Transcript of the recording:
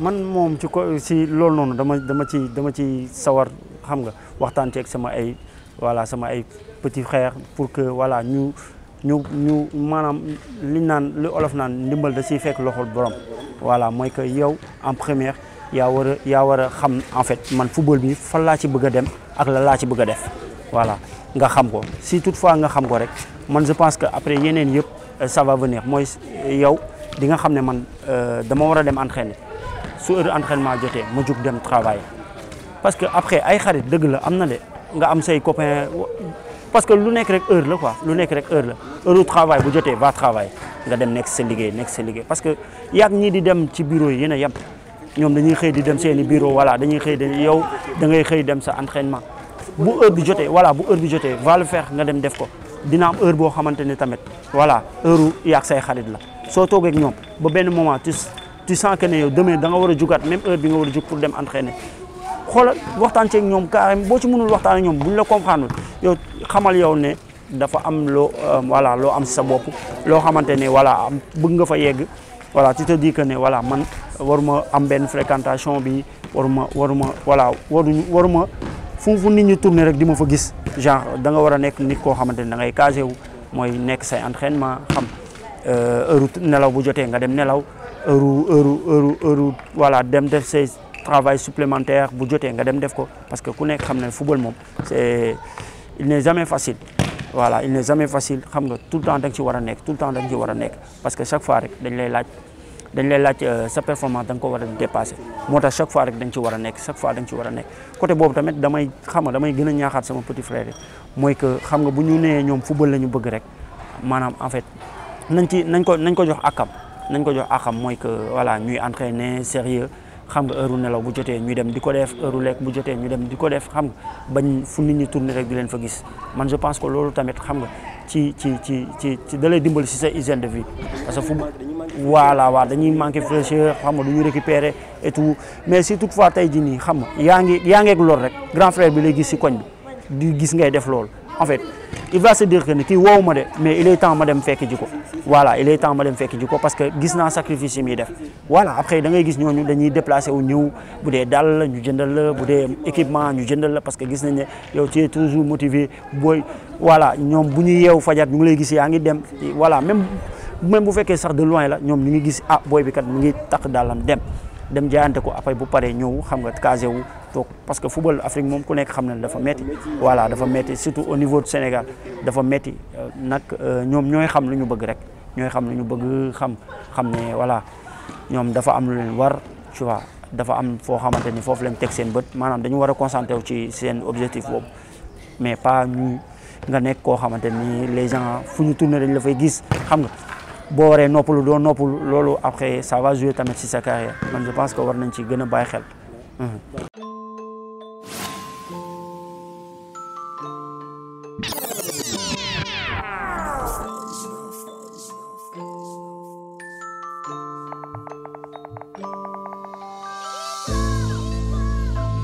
man moom ci ko si loolu noonu dama dama ci dama ci sawar xam nga waxtaan ci sama ay voilà sama ay petit frère pour que voilà ñu ñu ñu maanaam liñ naan li olof naan ndimbal da siy fekk loxol borom voilà mooy que yow en première yaa war yaa war a xam en fait man football bi fan laa ci bëgg a dem ak la laa ci bëgg a def voilà nga xam ko si toutefois nga xam ko rek man je pense que après yeneen yëpp euh, ça va venir mooy yow di nga xam ne man euh, dama war a dem entraîner su heure entraînement jotee ma jug dem travail parce que après ay xarit deug la amna de nga am say copain parce que lu nek rek heure la quoi lu nek rek heure la heure travail bu jotee va travail nga dem nek sa liggéey nek sa liggéey parce que yak ñi di dem ci bureau yi yéen a yem dañuy xey di dem seen bureau voilà dañuy xey de yow da ngay xey dem sa entraînement bu heure bi jotee voilà bu heure bi jotee va le faire nga dem def ko dina am heure bo xamanteni ne tamit voilà heure yak say xarit la so toogee ak ñom bu ben moment tu sens que ne yow demain da war a jugaat même heure bi nga war a jug pour dem entraîner xoolal waxtaan ceeg ñoom carrément boo ci mënul waxtaan a ñoom bu ñu la comprendre yow xamal yow ne dafa am loo euh, voilà loo am si sa bopp loo xamante ne voilà bëgg nga fa yegg voilà tu te dis que ne voilà man waruma am benn fréquentation bi waruma waruma voilà waruñu waruma fu fu nit ñi tourner rek di ma fa gis genre danga war a nekk nit koo xamante ne da ngay casé wu mooy nekk say entraînement xam euh, heure nelaw bu jotee nga dem nelaw. heure heure heure heure voilà dem def say travail supplémentaire bu joté nga dem def ko parce que ku nek xam football mom c'est il n'est jamais facile voilà il n'est jamais facile xam nga tout le temps da ci wara nek tout le temps da ci wara nek parce que chaque fois rek dañ lay laaj dañ lay laaj euh, sa performance dang ko wara dépasser moo chaque fois rek dañ ci wara nek chaque fois da ci wara nek côté bobu tamit damay xam damay gëna ñaaxat sama petit frère moy que xam nga bu ñu né ñom football lañu bëgg rek manam en fait nañ ci nañ ko nañ ko jox akam nañ ko jox axam mooy que voilà ñuy entraîner sérieux xam nga heure nelaw bu jotee ñu dem di ko def heure lek bu jotee ñu dem di ko def xam nga bañ fu nit ñi tourner rek di leen fa gis man je pense que loolu tamit xam nga ci ci ci ci ci da lay dimbali si sa hygiène de vie parce que fu voilà waaw dañuy manqué fraîcheur xam nga du ñu récupérer et tout mais si toutefois tay jii ni xam nga yaa ngi yaa ngeeg loolu rek grand frère bi lay gis si koñ bi di gis ngay def loolu en fait il va se dire que ni kii woowu ma de mais il est temps ma dem fekk ji ko voilà il est temps ma dem fekk ji ko parce que gis naa sacrifice yi def voilà après da ngay gis ñooñu dañuy déplacé wu ñëw bu dee dàll la ñu jëndal la équipement ñu jëndal parce que gis nañ ne yow tu toujours motivé booy voilà ñoom bu ñu yeew fajar ñu ngi lay gis yaa dem voilà même même bu fekkee sax de loin la ñoom ñu ngi gis ah booy bi kat mu ngi takk dàllam dem dem jaayante ko après bu paree ñëw xam nga casé wu toog parce que football Afrique moom ku nekk xam na dafa metti voilà dafa metti surtout au niveau du Sénégal dafa metti euh, nag euh, ñoom ñooy xam lu ñu bëgg rek ñooy xam lu ñu bëgg xam xam ne voilà ñoom dafa am lu leen war tu dafa am foo xamante ni foofu lañ teg seen bët maanaam dañu war a concentré wu ci seen objectif boobu mais pas ñu nga nekk koo xamante nii les gens fu ñu tourné dañ la fay gis xam nga boo waree noppalu doo noppalu loolu après ça va jouer tamit si sa carrière man je pense que war nañ ci gën a bàyyi xel. Mhm.